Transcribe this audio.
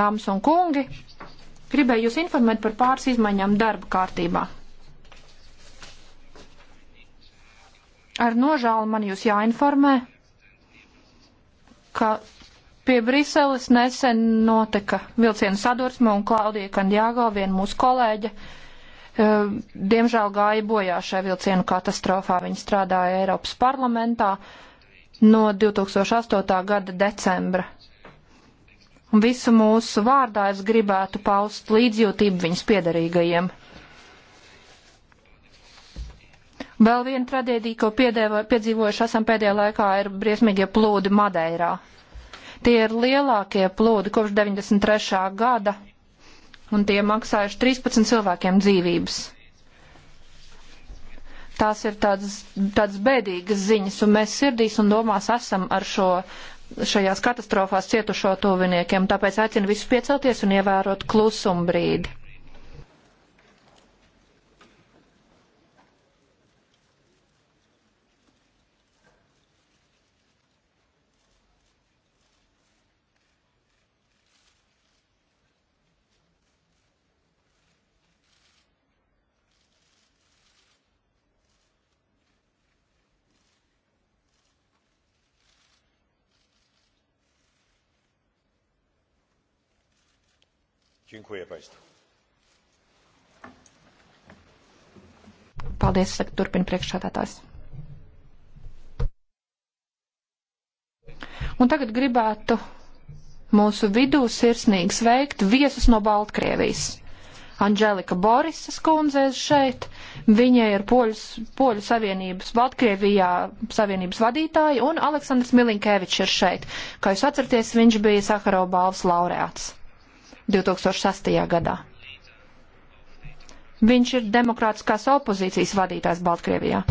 Dāmas un kungi, gribēju jūs informēt par pāris izmaiņām darba kārtībā. Ar nožēlu man jūs jāinformē, ka pie Briseles nesen notika vilciena sadursme un Klaudija Kandjāgo, viena mūsu kolēģa, eh, diemžēl gāja bojā šai vilcienu katastrofā. Viņa strādāja Eiropas parlamentā no 2008. gada decembra Un visu mūsu vārdā es gribētu paust līdzjūtību viņas piedarīgajiem. Vēl viena traģēdija, ko piedzīvojuši esam pēdējā laikā, ir briesmīgie plūdi Madeirā. Tie ir lielākie plūdi kopš 93. gada, un tie maksājuši 13 cilvēkiem dzīvības. Tās ir tādas, tādas bēdīgas ziņas, un mēs sirdīs un domās esam ar šo šajās katastrofās cietušo tuviniekiem, tāpēc aicinu visus piecelties un ievērot klusumu brīdi. Dziękuję Państwu. Paldies, saka, turpina priekšsādātājs. Un tagad gribētu mūsu vidū sirsnīgi sveikt viesus no Baltkrievijas. Anģelika Borisas kundze šeit, viņa ir Poļas, Poļu savienības, Baltkrievijā savienības vadītāja, un Aleksandrs Milinkēvičs ir šeit. Kā jūs atceraties, viņš bija Sakarau balvas laureāts. 2006. gadā. Viņš ir demokrātiskās opozīcijas vadītājs Baltkrievijā.